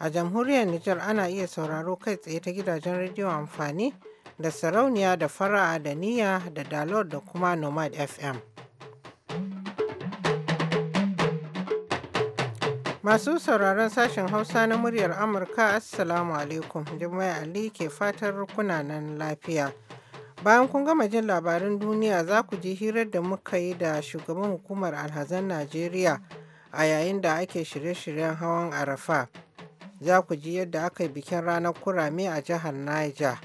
A jamhuriyar Nijar ana iya sauraro kai tsaye ta gidajen rediyon amfani da sarauniya da fara'a da niyya da dalot da kuma nomad FM. Masu sauraron sashen Hausa na muryar Amurka Assalamu alaikum Jummai Ali ke fatar kuna nan lafiya. Bayan kun gama jin labarin duniya za ku ji hirar da muka yi da shugaban hukumar alhazan Najeriya a yayin da ake shirye-shiryen hawan Arafa. za ku ji yadda aka yi bikin ranar kurame a jihar Niger.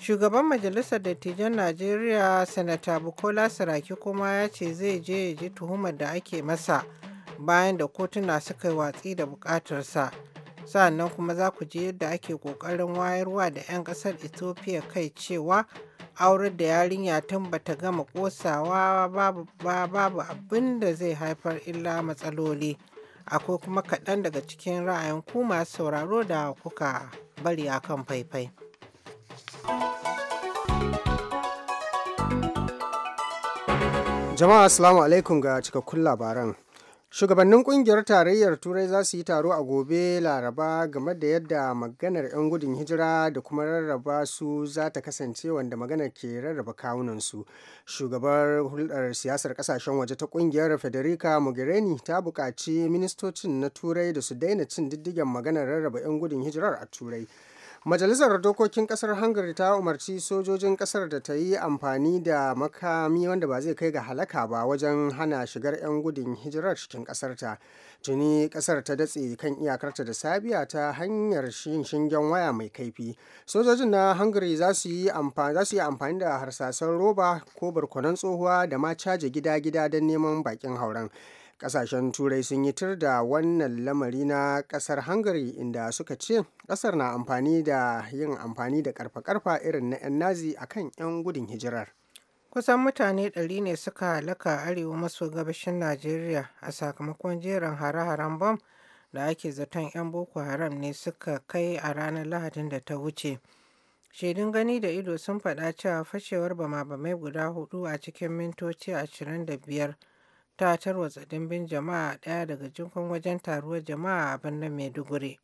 Shugaban Majalisar Dattijan Najeriya, Sanata Bukola Saraki kuma ya ce zai je ya ji tuhumar da ake masa bayan da kotuna suka yi watsi da bukatarsa. Sannan kuma za ku ji yadda ake ƙoƙarin wayarwa da 'yan ƙasar Ethiopia kai cewa aurar da yarinya tun bata gama ƙosawa babu abin da zai haifar illa matsaloli. akwai kuma kaɗan daga cikin ra'ayin ku masu sauraro da kuka bari a kan faifai. Jama'a Assalamu alaikum ga cikakkun labaran. Shugabannin kungiyar tarayyar Turai za su yi taro a gobe Laraba game da yadda maganar 'yan gudun hijira da kuma rarraba su za ta kasance wanda maganar ke rarraba kawunansu. Shugabar hulɗar siyasar ƙasashen waje ta kungiyar Federica Mogherini ta buƙaci ministocin na Turai da su daina cin diddigen maganar rarraba 'yan gudun hijirar a Turai. majalisar dokokin kasar hungary ta umarci sojojin kasar da ta yi amfani da makami wanda ba zai kai ga halaka ba wajen hana shigar 'yan gudun hijirar cikin kasar ta tuni kasar ta datse kan iyakarta da sabiya ta hanyar shingen waya mai kaifi sojojin na hungary za su yi amfani da harsasan roba ko barkonan tsohuwa da ma caje gida-gida don neman bakin hauren kasashen turai sun yi tur da wannan lamari na kasar hungary inda suka ce kasar na amfani da yin amfani da karfa-karfa irin na 'yan nazi a kan 'yan gudun hijirar kusan mutane 100 ne suka halaka arewa maso gabashin najeriya a sakamakon jerin hare-haren bom da ake zaton 'yan boko haram ne suka kai a ranar lahadin da ta wuce shaidun gani da ido sun faɗa cewa fashewar bama-bamai guda hudu a cikin mintoci 25 ta tarwatsa dimbin jama'a ɗaya daga cikin wajen taruwar jama'a a birnin Maiduguri.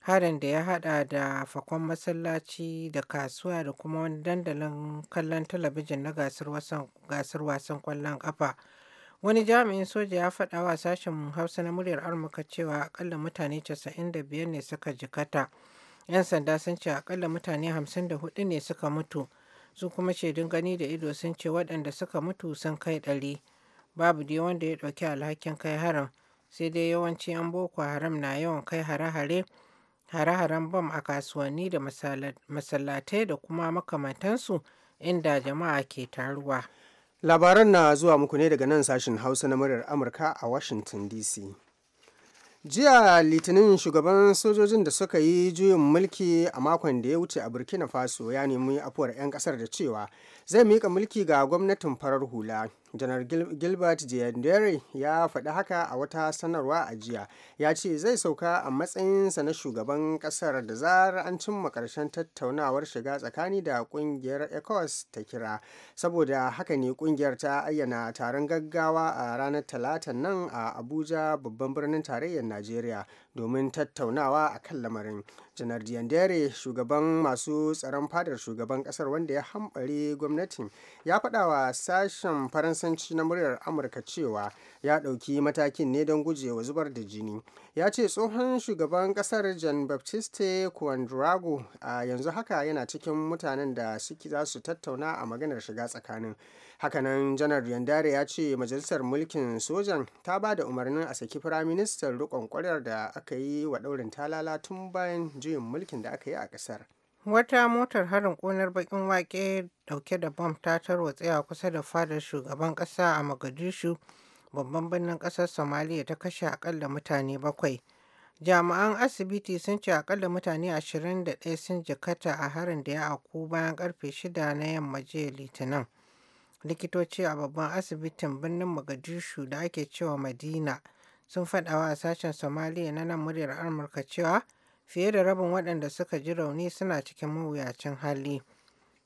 Harin da ya hada da fakon masallaci da kasuwa da kuma wani dandalin kallon talabijin na gasar wasan kwallon kafa. Wani jami'in soja ya faɗa wa sashen Hausa na muryar Amurka cewa akalla mutane 95 ne suka jikata. 'Yan sanda sun ce akalla mutane 54 ne suka mutu, su kuma shaidun gani da ido sun ce waɗanda suka mutu sun kai ɗari. babu dai wanda ya ɗauki alhakin kai haram sai dai yawanci 'yan boko haram na yawan kai hare-hare hare-haren bam a kasuwanni da masallatai da kuma makamantansu inda jama'a ke taruwa labaran na zuwa muku ne daga nan sashen hausa na muryar amurka a washington dc jiya litinin shugaban sojojin da suka yi juyin mulki a makon da ya wuce a burkina faso ya nemi afuwar 'yan kasar da cewa zai mika mulki ga gwamnatin farar hula janar gilbert diendere ya faɗi haka a wata sanarwa a jiya ya ce zai sauka a matsayinsa na shugaban ƙasar da zarar an cimma ƙarshen tattaunawar shiga tsakani da ƙungiyar ecos ta kira saboda haka ne ƙungiyar ta ayyana taron gaggawa a ranar talatan nan a abuja babban birnin tarayyar najeriya domin tattaunawa a kan lamarin janar diandere shugaban masu tsaron fadar shugaban kasar wanda ya hambari gwamnatin ya faɗa wa sashen faransanci na muryar amurka cewa ya ɗauki matakin ne don gujewa zubar da jini ya ce tsohon shugaban kasar jan baptiste kwandrago a yanzu haka yana cikin mutanen da suke za su tattauna a maganar shiga tsakanin hakanan janar yandare ya ce majalisar mulkin sojan ta ba da umarnin a saki firaministan rikon kwarar da aka yi wa daurin talala tun bayan juyin mulkin da aka yi a kasar wata motar harin konar bakin wake dauke da bom ta a kusa da fadar shugaban kasa a magadishu babban birnin ƙasar somaliya ta kashe akalla mutane bakwai jami'an asibiti sun ce akalla mutane 21 sun jikata a harin da ya auku bayan karfe 6 na yamma jiya litinin likitoci a babban asibitin birnin mogadishu da ake cewa madina sun faɗawa a sashen somaliya na nan muryar amurka cewa fiye da rabin waɗanda suka ji rauni suna cikin mawuyacin hali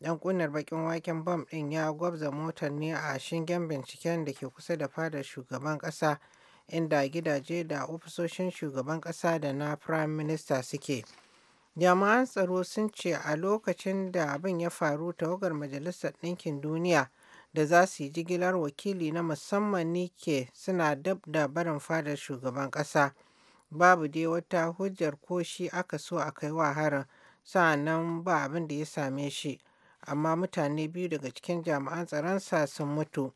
dan kunar bakin waken bom ɗin ya gwabza motar ne a shingen binciken da ke kusa da fadar shugaban ƙasa inda gidaje da ofisoshin shugaban ƙasa da na prime minister suke jami'an tsaro sun ce a lokacin da abin ya faru tawagar majalisar ɗinkin duniya da za su yi jigilar wakili na musamman ke, suna dab da barin fadar shugaban ƙasa babu dai wata hujjar ko shi aka so a kai wa harin sa'annan ba abin da ya same shi amma mutane biyu daga cikin jami'an tsaronsa sun mutu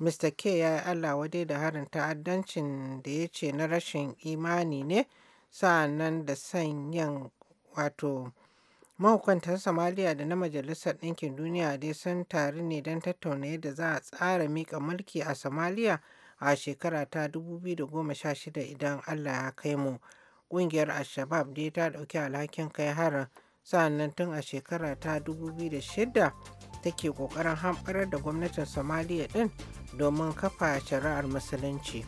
mr k ya yi allah wadai da harin ta'addancin da ya ce na rashin imani ne sa'annan da sanyin wato mahukuntan Somalia da na majalisar ɗinkin duniya dai sun taru ne don tattauna yadda za a tsara mika mulki a Somalia a shekara ta 2016 idan allah ya kai mu ƙungiyar al-shabab dai ta ɗauki alhakin kai harin sa'annan tun a shekara ta 2006 take ƙoƙarin hamɓarar da gwamnatin somaliya ɗin domin kafa shari'ar musulunci.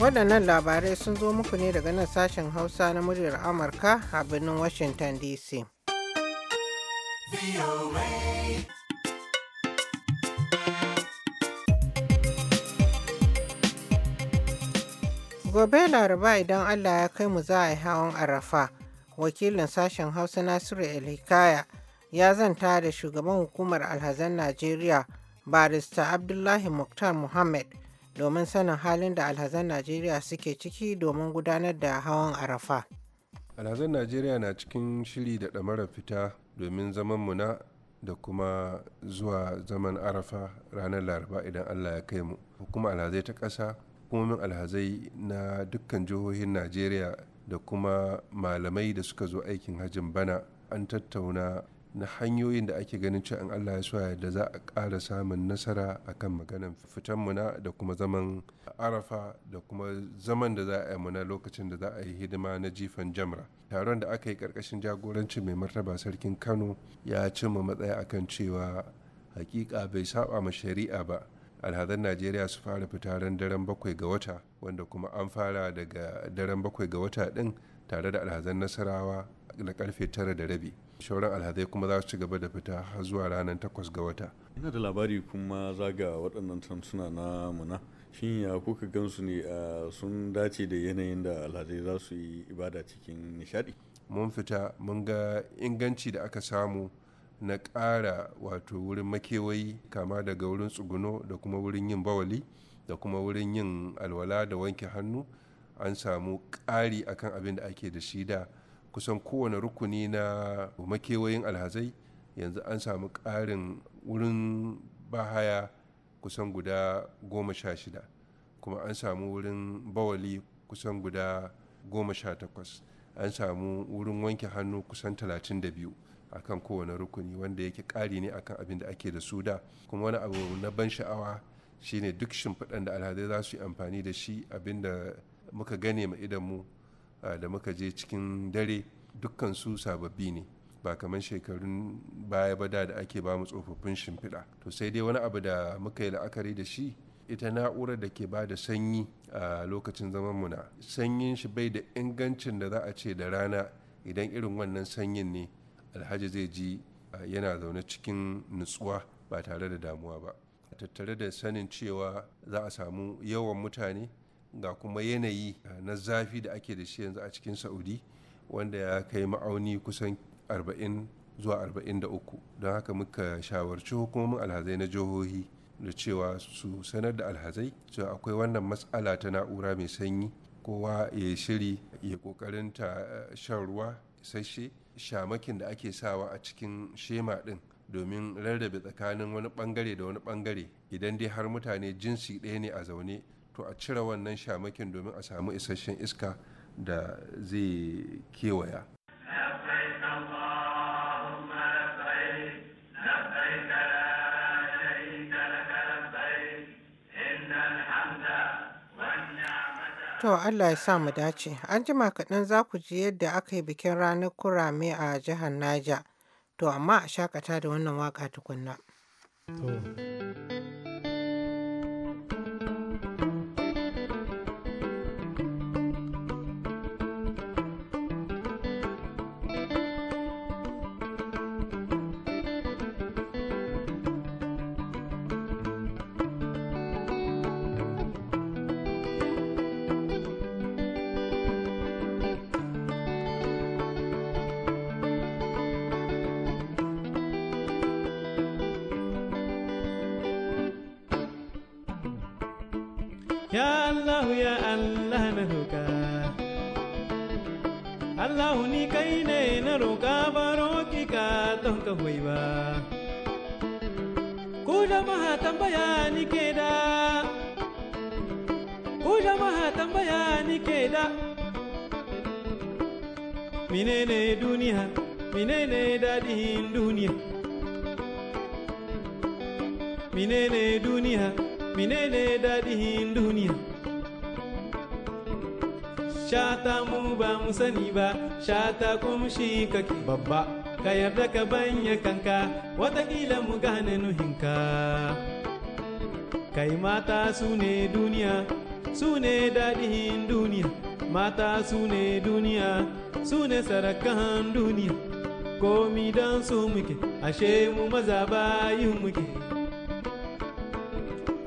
waɗannan labarai sun zo muku ne daga nan sashen hausa na muryar amurka a birnin washington dc gobe laraba idan allah ya kai mu za a yi hawan arafa wakilin sashen hausa nasiru elhikaya ya zanta da shugaban hukumar alhazan najeriya barista abdullahi muktar muhammad domin sanin halin da alhazan Najeriya suke ciki domin gudanar da hawan Arafa. Alhazan Najeriya na cikin shiri da ɗamarar fita domin zaman muna da kuma zuwa zaman Arafa ranar Laraba idan Allah ya kai mu. kuma alhazai ta ƙasa, hukumomin alhazai na dukkan jihohin Najeriya da kuma malamai da suka zo aikin hajjin bana an tattauna na hanyoyin da ake ganin cewa in Allah ya soya da za a ƙara samun nasara akan maganan fitan muna da kuma zaman arafa da kuma zaman da za a yi muna lokacin da za a yi hidima na jifan jamra taron da aka yi ƙarƙashin jagorancin mai martaba sarkin kano ya cimma matsaya akan cewa hakika bai saba ma shari'a ba alhazan najeriya su fara fitaren daren bakwai ga wata wanda kuma an fara daga daren bakwai ga wata din tare da alhazan nasarawa na karfe tara da rabi shauran alhazai kuma za su ci gaba da fita har zuwa ranar takwas ga wata ina da labari kuma zaga waɗannan tantuna na muna shin ya kuka gansu ne sun dace da yanayin da alhazai za su yi ibada cikin nishadi. mun fita mun ga inganci da aka samu na ƙara wato wurin makewayi kama daga wurin tsuguno da kuma wurin yin bawali da kuma wurin yin alwala da wanke hannu an samu ƙari akan abin da ake da shi da kusan kowane rukuni na makewayin alhazai yanzu an samu ƙarin wurin bahaya kusan guda goma sha shida kuma an samu wurin bawali kusan guda goma sha takwas an samu wurin wanke hannu kusan talatin da biyu a kan kowane rukuni wanda yake ƙari ne akan abin da ake da su da kuma wani abu na ban sha'awa shine duk shimfiɗan da alhazai za su yi amfani da shi abin da muka gane ma idanmu da muka je cikin dare dukkan su sababbi ne ba kamar shekarun baya ba da ake ba mu tsofaffin shimfiɗa to sai dai wani abu da muka yi la'akari da shi ita na'urar da ke ba da sanyi a lokacin zaman mu na sanyin shi bai da ingancin da za a ce da rana idan irin wannan sanyin ne alhaji zai ji yana zaune cikin nutsuwa ba tare da damuwa ba tattare da sanin cewa za a samu yawan mutane ga kuma yanayi eh, na zafi da ake da shi yanzu a cikin saudi wanda ya kai ma'auni kusan 40 zuwa 43 don haka muka shawarci hukumomin alhazai na jihohi da cewa su sanar da alhazai cewa akwai wannan matsala ta na'ura mai sanyi kowa ya shiri ya kokarin ta eh, shan ruwa sashe, shamakin da ake sawa a cikin shema din domin rarrabe tsakanin wani bangare da wani bangare idan dai har mutane jinsi ɗaya ne a zaune to a cire wannan shamakin domin a samu isasshen iska da zai kewaya To Allah ya sa mu dace. An jima kaɗan za ku ji yadda aka yi bikin ranar kurame a jihar Naja. To amma a shakata da wannan waka tukunna. To. ya Allah ya Allah na roka Allah ni kai ne na roka baro ki ka don ka hoyi ba ku jama'a ni ke da ku jama'a tambaya ni ke da menene duniya menene dadin duniya menene duniya menene daɗin duniya shata mu ba mu sani ba shata kumshi kake babba ka yarda ka banya kanka watakila mu gane nuhinka kai mata su ne duniya su ne daɗin duniya mata su ne duniya su ne sarakan duniya komi don su muke ashe mu maza yi muke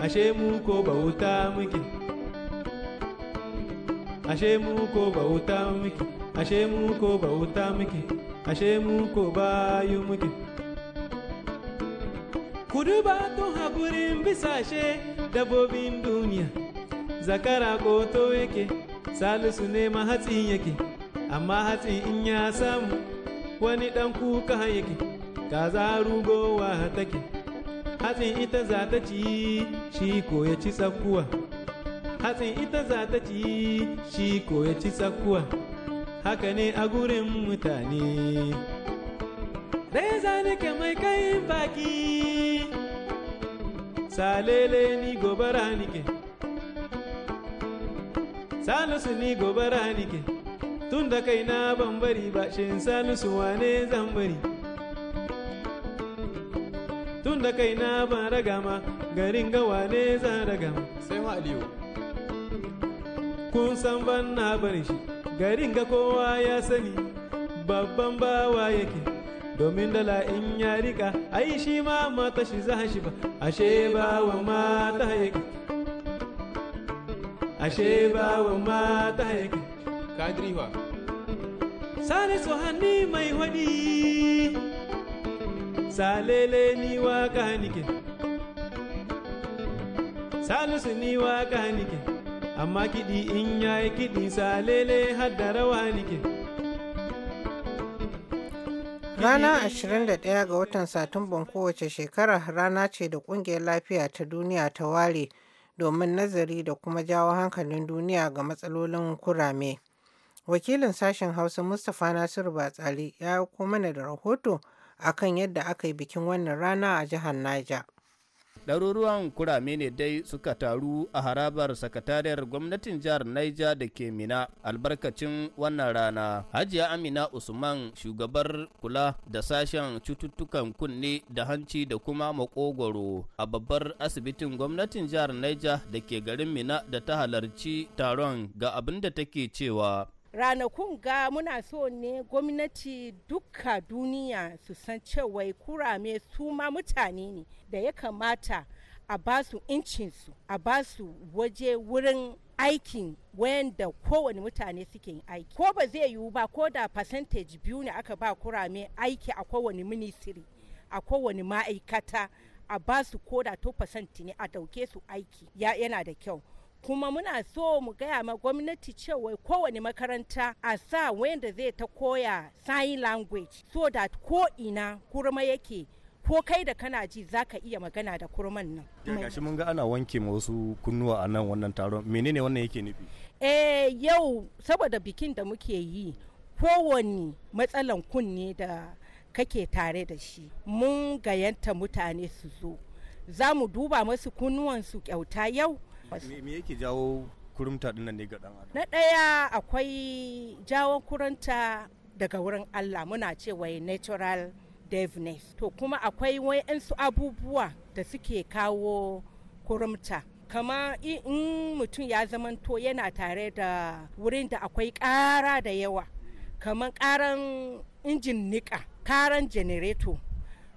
ashe mu ko bauta muke ashe mu ko bauta muke ashe mu ko bauta muke ashe mu ko bayu muke kudu ba tun haƙurin bisashe dabobin duniya zakara to yake salisu ne ma hatsi yake amma hatsi in ya samu wani dan kuka yake kaza rugowa take hatsin ita za ta ci shi ko ya ci tsakuwa hatsin ita za ta ci shi ko ya ci tsakuwa haka ne a gurin mutane dai zalika mai kai baki salele ni gobara nike salisu ni gobara nike tun da kaina ban bari ba shin salisu wane zambari. bari tun da kai na ba ragama garin gawa ne za ragama sai ma aliyu kun san ban na barin shi garin ga kowa ya sani babban bawa yake domin dala in ya rika ai shi ma mata shi za shi ba ashe bawa mata yake ashe bawa mata yake kadriwa salisu hanni mai hadi salele ni waka nike salisu ni waka nike amma kiɗi in yayi kiɗi salele hadda rawa nike Rana 21 ga watan Satumban kowace shekara rana ce da ƙungiyar lafiya ta duniya ta ware domin nazari da kuma jawo hankalin duniya ga matsalolin kurame. Wakilin sashen Hausa Mustapha Nasiru Batsali ya yi mana da rahoto akan yadda aka yi bikin wannan rana a jihar Niger. ɗaruruwan kurame ne dai suka taru a harabar sakatariyar gwamnatin jihar Niger da ke Mina albarkacin wannan rana. Hajiya Amina Usman shugabar kula da sashen cututtukan kunne da hanci da kuma makogoro a babbar asibitin gwamnatin jihar Niger da ke garin Mina da ta halarci taron ga abin da take cewa. ranakun ga muna so ne gwamnati duka duniya su san cewa kurame su ma mutane ne da ya kamata a ba su incinsu a ba su waje wurin aikin da kowane mutane suke yin aiki ko ba zai yiwu ba ko da percentage biyu ne aka ba kurame aiki a kowane ministry a kowane ma'aikata a ba su ko da 2% ne a dauke su aiki yana da kyau kuma muna so mu gaya ma gwamnati cewa kowane makaranta a sa wanda zai ta koya sign language so that ko ina kurma yake ko kai da kana ji za ka iya magana da kurman nan. gashi mun ga ana wanke ma wasu kunnuwa a nan wannan taron menene wannan yake nufi? eh yau saboda bikin da muke yi kowane matsalan kunne da kake tare da shi mun gayanta mutane su zo za mu duba masu kunnuwansu kyauta yau me yake jawo kurumta dinnan ne ga dan na ɗaya akwai jawo kurunta daga wurin Allah muna cewa natural deafness to kuma akwai wayansu abubuwa da suke kawo kurumta kama in mutum ya zamanto yana tare da wurin da akwai ƙara da yawa kamar ƙaran injin niƙa ƙaran janareto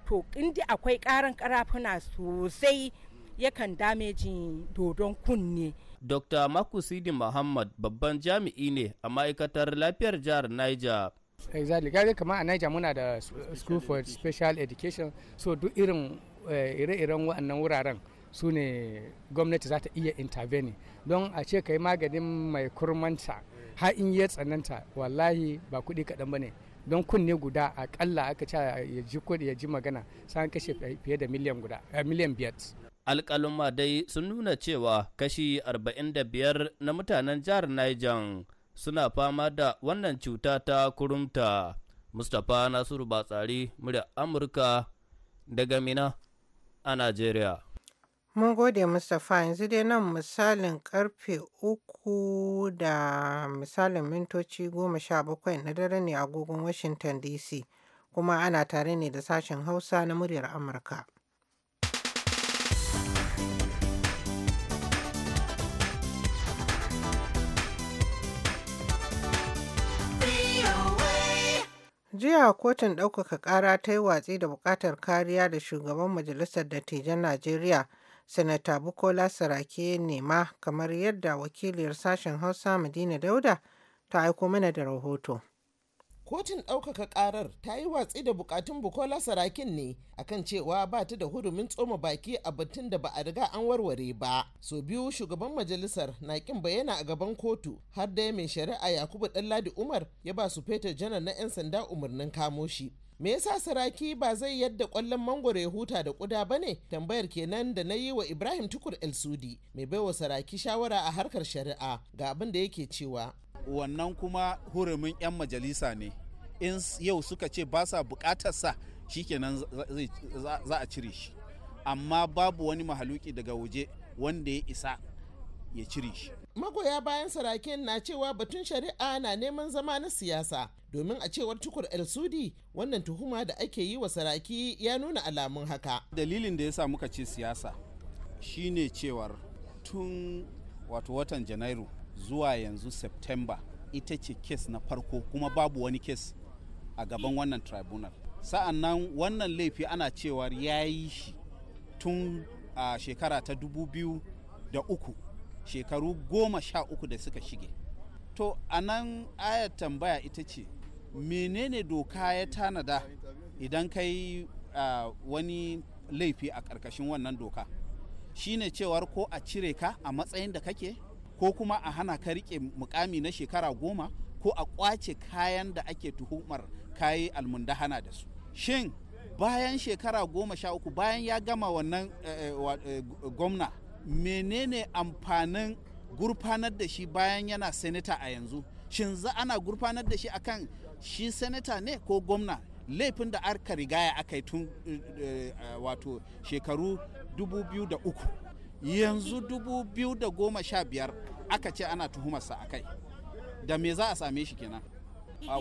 to inda akwai ƙaran ƙarafuna sosai yakan damejin dodon kunne. Dr. Makusidi Muhammad babban jami'i ne a ma'aikatar lafiyar jihar Niger. Exactly, gari kama a Niger muna da School for Special Education, so duk irin eh, ire-iren waɗannan wuraren su ne gwamnati za ta iya intervene don a ce kai maganin mai kurmanta ha in ya tsananta wallahi ba kuɗi kaɗan ba ne don kunne guda akalla aka ce ya ji magana sai kashe fiye da miliyan guda eh, miliyan biyar alƙaluma dai sun nuna cewa kashi 45 na mutanen jihar Niger suna fama da wannan cuta ta kurumta. Mustapha Nasiru Batsari, murya Amurka daga Mina a Najeriya. Mun gode Mustapha yanzu dai nan misalin karfe uku da misalin mintoci goma sha bakwai na dare ne a agogon Washington DC kuma ana tare ne da sashen Hausa na muryar Amurka. Jiya kotun ɗaukaka ƙara ta yi watsi da buƙatar kariya da shugaban majalisar dattijan Najeriya, Sanata Bukola Sarake nema kamar yadda wakiliyar sashen Hausa Madina Dauda ta aiko mana da rahoto. kotun ɗaukaka ƙarar ta yi watsi da bukatun bukola sarakin ne akan cewa ba ta da hurumin tsoma baki a batun da ba a riga an warware ba so biyu shugaban majalisar na kin bayyana a gaban kotu har da mai shari'a yakubu ɗanladi umar ya ba su fetur janar na 'yan sanda umarnin kamo shi me yasa saraki ba zai yadda kwallon mangoro ya huta da kuda ba ne tambayar kenan da na yi wa ibrahim tukur el sudi mai baiwa saraki shawara a harkar shari'a ga abin da yake cewa wannan kuma hurumin 'yan majalisa ne in yau suka ce ba sa bukatarsa shikenan za a cire shi amma babu wani mahaluki daga waje wanda ya isa ya cire shi magoya bayan sarakin na cewa batun shari'a na neman zama na siyasa domin a cewar tukur el sudi wannan tuhuma da ake yi wa saraki ya nuna alamun haka dalilin da ya sa muka ce siyasa shine cewar tun wato watan janairu zuwa yanzu september ita ce kes na farko kuma babu wani kes a gaban wannan tribunal sa'an nan wannan laifi ana cewar ya yi shi tun a shekara ta dubu biyu da uku shekaru goma sha uku da suka shige to a nan ayar tambaya ita ce menene doka ya tanada idan kai uh, wani laifi a ƙarƙashin wannan doka shine cewar ko a cire ka a matsayin da kake ko kuma a hana ka rike mukami na shekara goma ko a kwace kayan da ake tuhumar kayi almundahana da su shin bayan shekara goma sha uku bayan ya gama wannan eh, eh, eh, gwamna menene amfanin gurfanar da shi bayan yana senator a yanzu shin za ana gurfanar da shi akan shi senata ne ko gwamna laifin da aka rigaya aka yi tun wato shekaru 2003 yanzu da 2015 aka ce ana tuhumarsa a kai da me za a same shi kenan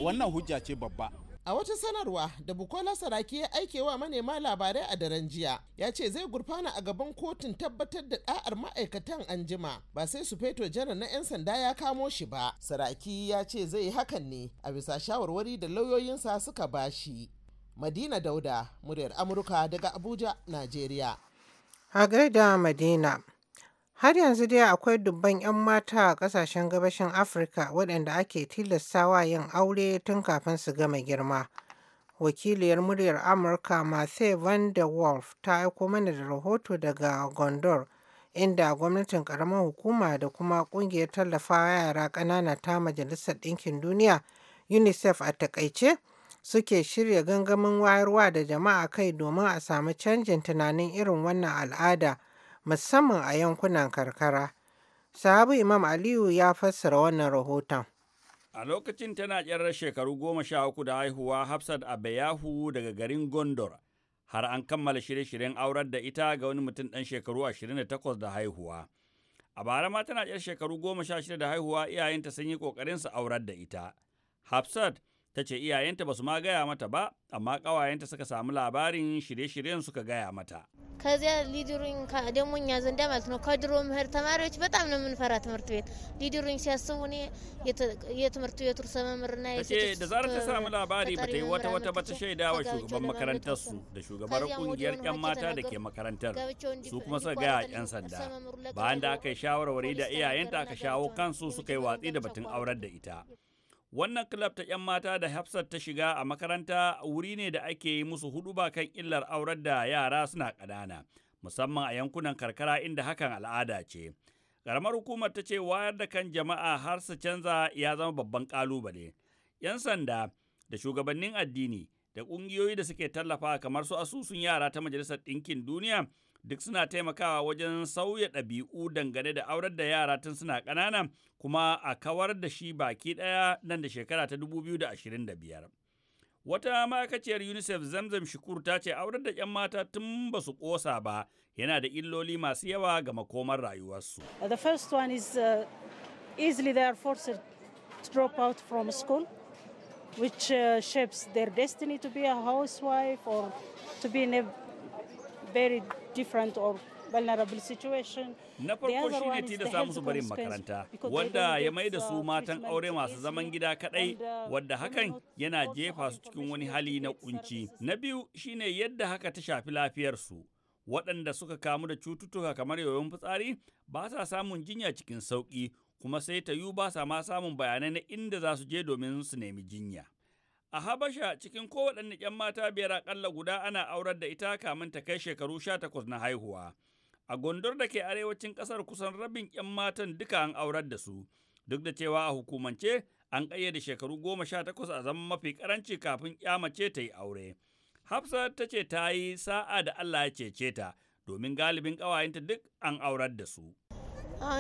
wannan hujja ce babba a wata sanarwa da bukola saraki ya aike wa manema labarai a daren jiya ya ce zai gurfana a gaban kotun tabbatar da da'ar ma'aikatan anjima ba sai su feto janar na 'yan sanda ya kamo shi ba saraki ya ce zai hakan ne a bisa shawarwari da lauyoyinsa suka ba shi. madina dauda muryar amurka daga abuja najeriya A gaida Madina, har yanzu dai akwai dubban 'yan mata a ƙasashen gabashin Afirka waɗanda ake tilastawa yin aure tun kafin su gama girma. Wakiliyar muryar Amurka Mathe Van der Wolf ta aiko mana da rahoto daga Gondor, inda gwamnatin ƙaramar hukuma da kuma ƙungiyar tallafawa yara ƙanana ta Majalisar Ɗinkin Duniya UNICEF a taƙaice? suke shirya gangamin wayarwa da jama'a kai domin a samu canjin tunanin irin wannan al'ada musamman a yankunan karkara. Sahabu Imam Aliyu ya fassara wannan rahoton. A lokacin tana ƙyarar shekaru goma sha uku da haihuwa Hafsat Abayahu daga garin Gondor har an kammala shirye-shiryen aurar da ita ga wani mutum ɗan shekaru ashirin da takwas da haihuwa. A bara ma tana ƙyar shekaru goma sha shida da haihuwa iyayenta sun yi ƙoƙarin su aurar da ita. Hafsat ta ce iyayenta ba su ma gaya mata ba amma kawayenta suka samu labarin shirye-shiryen suka gaya mata ከዚያ kadro ደግሞ እኛ ዘንዳ ማለት ነው ከድሮ ምህር ተማሪዎች በጣም ነው da zarar ta samu labari ba ta yi wata wata ba ta shaida wa shugaban makarantar su da shugabar kungiyar yan mata da ke makarantar su kuma suka gaya yan sanda bayan da aka yi shawarwari da iyayenta aka shawo kansu suka yi watsi da batun aurar da ita Wannan club ta ‘yan mata da Hafsat ta shiga a makaranta wuri ne da ake yi musu ba kan illar aurar da yara suna ƙanana, musamman a yankunan karkara inda hakan al'ada ce. Ƙaramar hukumar ta ce wayar da kan jama'a har su canza ya zama babban ƙalubale. ‘Yan sanda da shugabannin addini da ƙungiyoyi da suke tallafa kamar su asusun yara ta Majalisar Ɗinkin Duniya duk suna taimakawa wajen sauya ɗabi'u dangane da aurar da yara tun suna ƙanana kuma a kawar da shi baki ɗaya nan da shekara ta 2025. Wata ma'aikaciyar UNICEF Zamzam Shukur ta ce aurar da 'yan mata tun ba su ƙosa ba yana da illoli masu yawa ga makomar rayuwarsu. Uh, the first one is uh, easily they are forced to drop out from school. which uh, shapes their destiny to be a housewife or to be in a very different or vulnerable situation. Na farko shi ne tilasta musu barin makaranta, wanda ya mai da su uh, matan aure masu zaman gida kadai, uh, wadda hakan yana jefa su cikin wani hali na kunci. Na biyu shi ne yadda haka ta shafi lafiyarsu. Waɗanda suka kamu da cututtuka kamar yoyon fitsari ba sa samun jinya cikin sauƙi, kuma sai ta yiwu ba sa ma samun bayanai na inda za su je domin su nemi jinya. A Habasha cikin kowaɗanne ‘yan mata biyar aƙalla guda ana aurar da ita kamin ta kai shekaru sha takwas na haihuwa. A gondor da ke arewacin ƙasar kusan rabin ‘yan matan duka an aurar da su, duk da cewa a hukumance an ƙayyade shekaru goma sha takwas a zama mafi ƙaranci kafin ƙyamace ta yi aure. Hafsa ta ce ta yi sa'a da Allah ya cece ta, domin galibin ƙawayenta duk an aurar da su.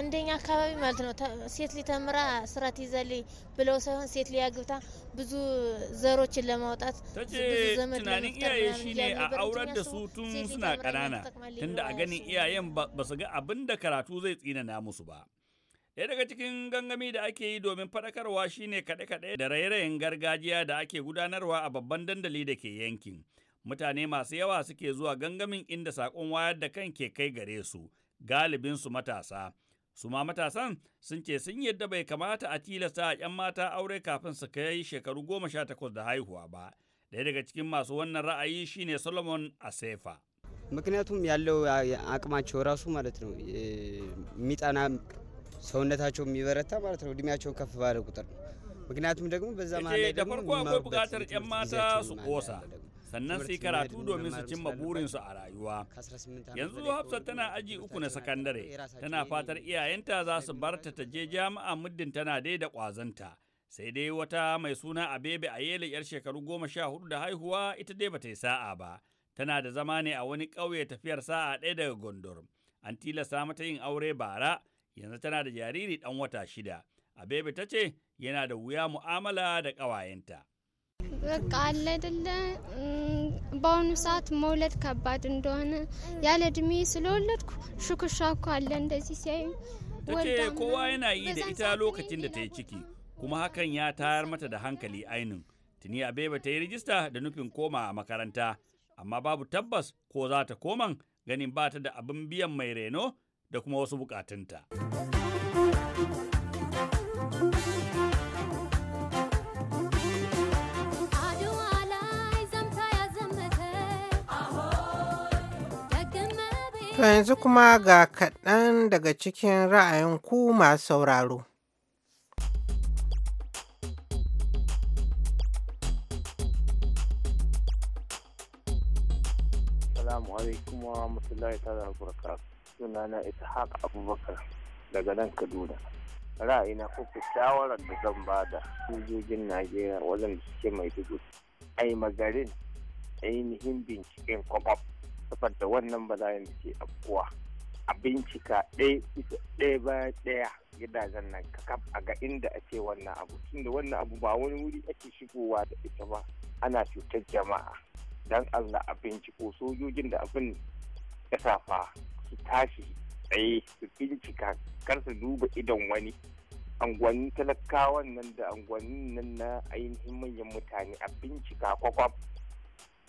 እንደኛ አካባቢ ማለት ነው ሴት ሊተምራ ስራ ትይዛለች ብለው ሳይሆን ሴት ሊያግብታ ብዙ ዘሮችን ለማውጣት tunanin iyaye shine a aurar da su tun suna ƙanana tunda a ganin iyayen ba su ga abin da karatu zai tsinana musu ba ɗaya daga cikin gangami da ake yi domin faɗakarwa shine kaɗe-kaɗe da rairayin gargajiya da ake gudanarwa a babban dandali da ke yankin mutane masu yawa suke zuwa gangamin inda saƙon wayar da kan ke kai gare su galibin su matasa su ma matasan sun ce sun yadda bai kamata a tilasta 'yan mata aure kafin su kai shekaru goma sha takwas da haihuwa ba ɗaya daga cikin masu wannan ra'ayi shine solomon asefa ምክንያቱም ያለው አቅማቸው rasu ማለት ነው የሚጠና ሰውነታቸው የሚበረታ ማለት ነው እድሜያቸውን ከፍ ባለ ቁጥር ነው ምክንያቱም ደግሞ በዛ መሀል ላይ ደግሞ da farko akwai buƙatar 'yan mata su ƙosa sannan sai karatu domin su cimma burinsu a rayuwa. Yanzu Hafsat tana aji uku na sakandare, tana fatar iyayenta za su barta ta je jami'a muddin tana dai da ƙwazanta. Sai dai wata mai suna Abebe a Ayele yar shekaru goma sha hudu da haihuwa ita dai bata yi sa'a ba. Tana da zama ne a wani ƙauye tafiyar sa'a ɗaya daga Gondor. An tilasta mata yin aure bara, yanzu tana da jariri ɗan wata shida. Abebe ta ce yana da wuya mu'amala da ƙawayenta. በቃ kowa yana yi da ita lokacin da ta yi ciki kuma hakan ya tayar mata da hankali ainin tuni abeba ta yi rijista da nufin koma a makaranta amma babu tabbas ko za ta koman ganin ba ta da abin biyan mai reno da kuma wasu bukatunta. To yanzu kuma ga kaɗan daga cikin ra'ayin ku masu sauraro. Salamu alaikum wa rahmatullahi ta'ala wa sunana Ishaq Abubakar daga nan Kaduna. Ra'ayina ko ku shawarar da zan ba bada sojojin Najeriya wajen suke mai dubu. Ai magarin ainihin binciken kwakwaf da wannan za da ke abuwa a bincika ɗaya isa ɗaya bayan ɗaya gidajen nan kakaf a ga inda ake wannan abu tunda wannan abu ba wani wuri ake shigowa da ita ba ana cutar jama'a dan allah a binciko sojojin da abin ya safa su tashi tsaye su bincika kar su duba idan wani angwanni talakawan nan da angwanni nan na ainihin manyan mutane a bincika kwakwaf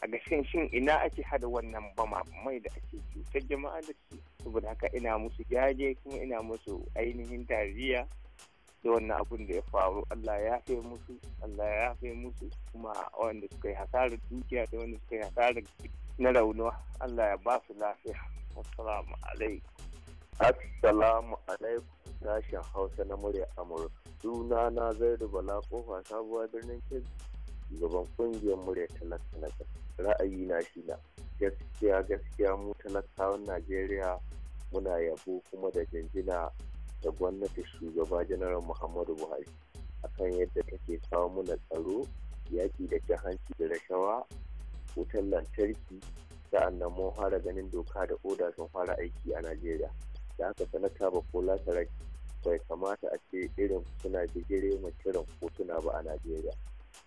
a gashin shin ina ake hada wannan bama mai da ake cutar jama'a da su saboda haka ina musu jaje kuma ina musu ainihin tariya da wannan abun da ya faru Allah ya fi musu Allah ya fi musu kuma wanda suka yi hasarar dukiya da wanda suka yi hasarar na raunuwa Allah ya ba su lafiya assalamu alaikum assalamu alaikum sashen hausa na murya amurka suna na zai da bala kofa sabuwa birnin kebbi shugaban kungiyar murya talaka na kasa ra'ayi na shi na gaskiya gaskiya mu talakawan najeriya muna yabo kuma da jinjina da gwamnati shugaba janar muhammadu buhari akan yadda take kawo muna tsaro yaƙi da jahanci da rashawa hotel lantarki sa'annan mun fara ganin doka da oda sun fara aiki a najeriya da aka sanata ba ko lasara bai kamata a ce irin suna bigire mai kiran kotuna ba a najeriya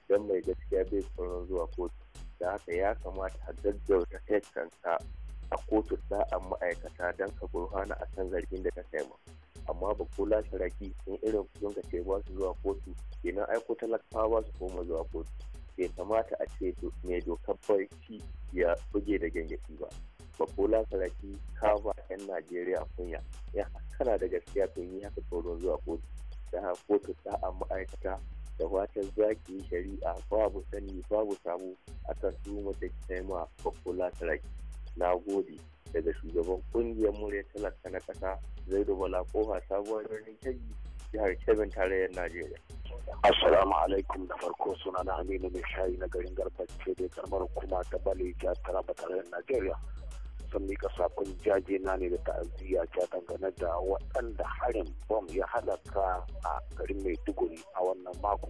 don mai gaskiya bai tsoron zuwa kotu da haka ya kamata a gaggauta kai a kotu a ma'aikata don ka burhana a kan zargin da ta kaima amma ba ko lashe raki in irin kudin ka ce ba su zuwa kotu kenan aiko talakawa ba su koma zuwa kotu bai kamata a ce mai dokar barci ya buge da gangaɗi ba ko lashe raki ka ba 'yan najeriya kunya ya kana da gaskiya tun yi haka tsoron zuwa kotu da kotu a ma'aikata da watan zaki yi shari'a babu sani babu samu a tuhumar da ki kai ma na gode daga shugaban kungiyar murya talaka na kasa zaidu bala kofa sabuwar birnin kebbi jihar kebin tarayyar najeriya assalamu alaikum da farko suna aminu mai na garin ce da karbar kuma ta bale jihar tarayyar najeriya sun mika sakon jaje ne da ta'aziyya ta dangane da waɗanda harin bom ya halaka a garin maiduguri a wannan mako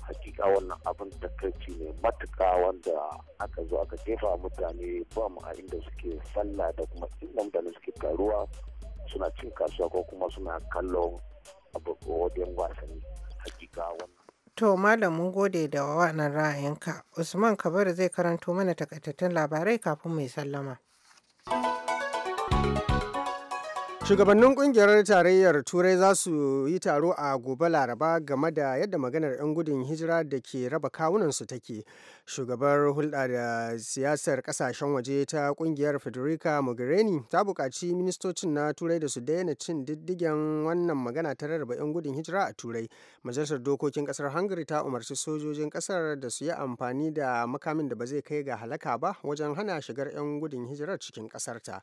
hakika wannan abin takaici ne matuka wanda aka zo aka jefa mutane bom a inda suke sallah da kuma inda mutane suke taruwa suna cin kasuwa ko kuma suna kallon abubuwan wasanni hakika wannan To Malam mun gode da wannan ra'ayinka. Usman kabir zai karanto mana takaitattun labarai kafin mai sallama. you. Shugabannin kungiyar tarayyar Turai za su yi taro a gobe Laraba game da yadda maganar 'yan gudun hijira da ke raba kawunansu take. Shugabar hulɗa da siyasar ƙasashen waje ta kungiyar Federica Mogherini ta buƙaci ministocin na Turai da su daina cin diddigen wannan magana ta rarraba 'yan gudun hijira a Turai. Majalisar Dokokin ƙasar Hungary ta umarci sojojin ƙasar da su yi amfani da makamin da ba zai kai ga halaka ba wajen hana shigar 'yan gudun hijirar cikin ƙasarta. ta.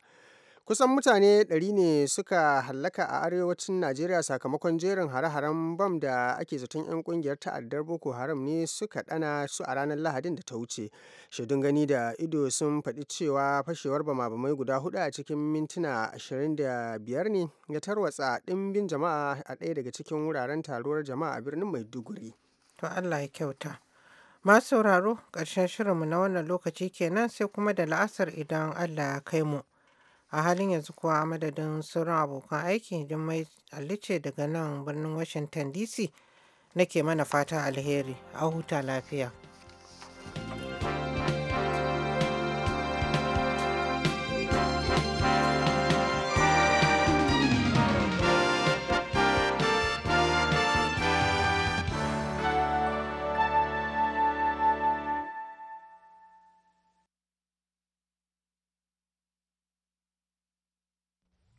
Kusan mutane 100 ne suka hallaka a arewacin Najeriya sakamakon jerin hare-haren bam da ake zaton 'yan kungiyar ta'addar Boko Haram ne suka dana su a ranar Lahadin da ta wuce. Shaidun gani da ido sun faɗi cewa fashewar bama-bamai guda hudu a cikin mintuna 25 ne ya tarwatsa ɗimbin jama'a a ɗaya daga cikin wuraren taruwar jama'a a birnin Maiduguri. To Allah ya kyauta. Masu sauraro ƙarshen shirinmu na wannan lokaci kenan sai kuma da la'asar idan Allah ya kai mu. A halin yanzu kuwa a madadin sauran abokan aiki Jummai Ali ce daga nan birnin Washington DC nake mana fata alheri a huta lafiya.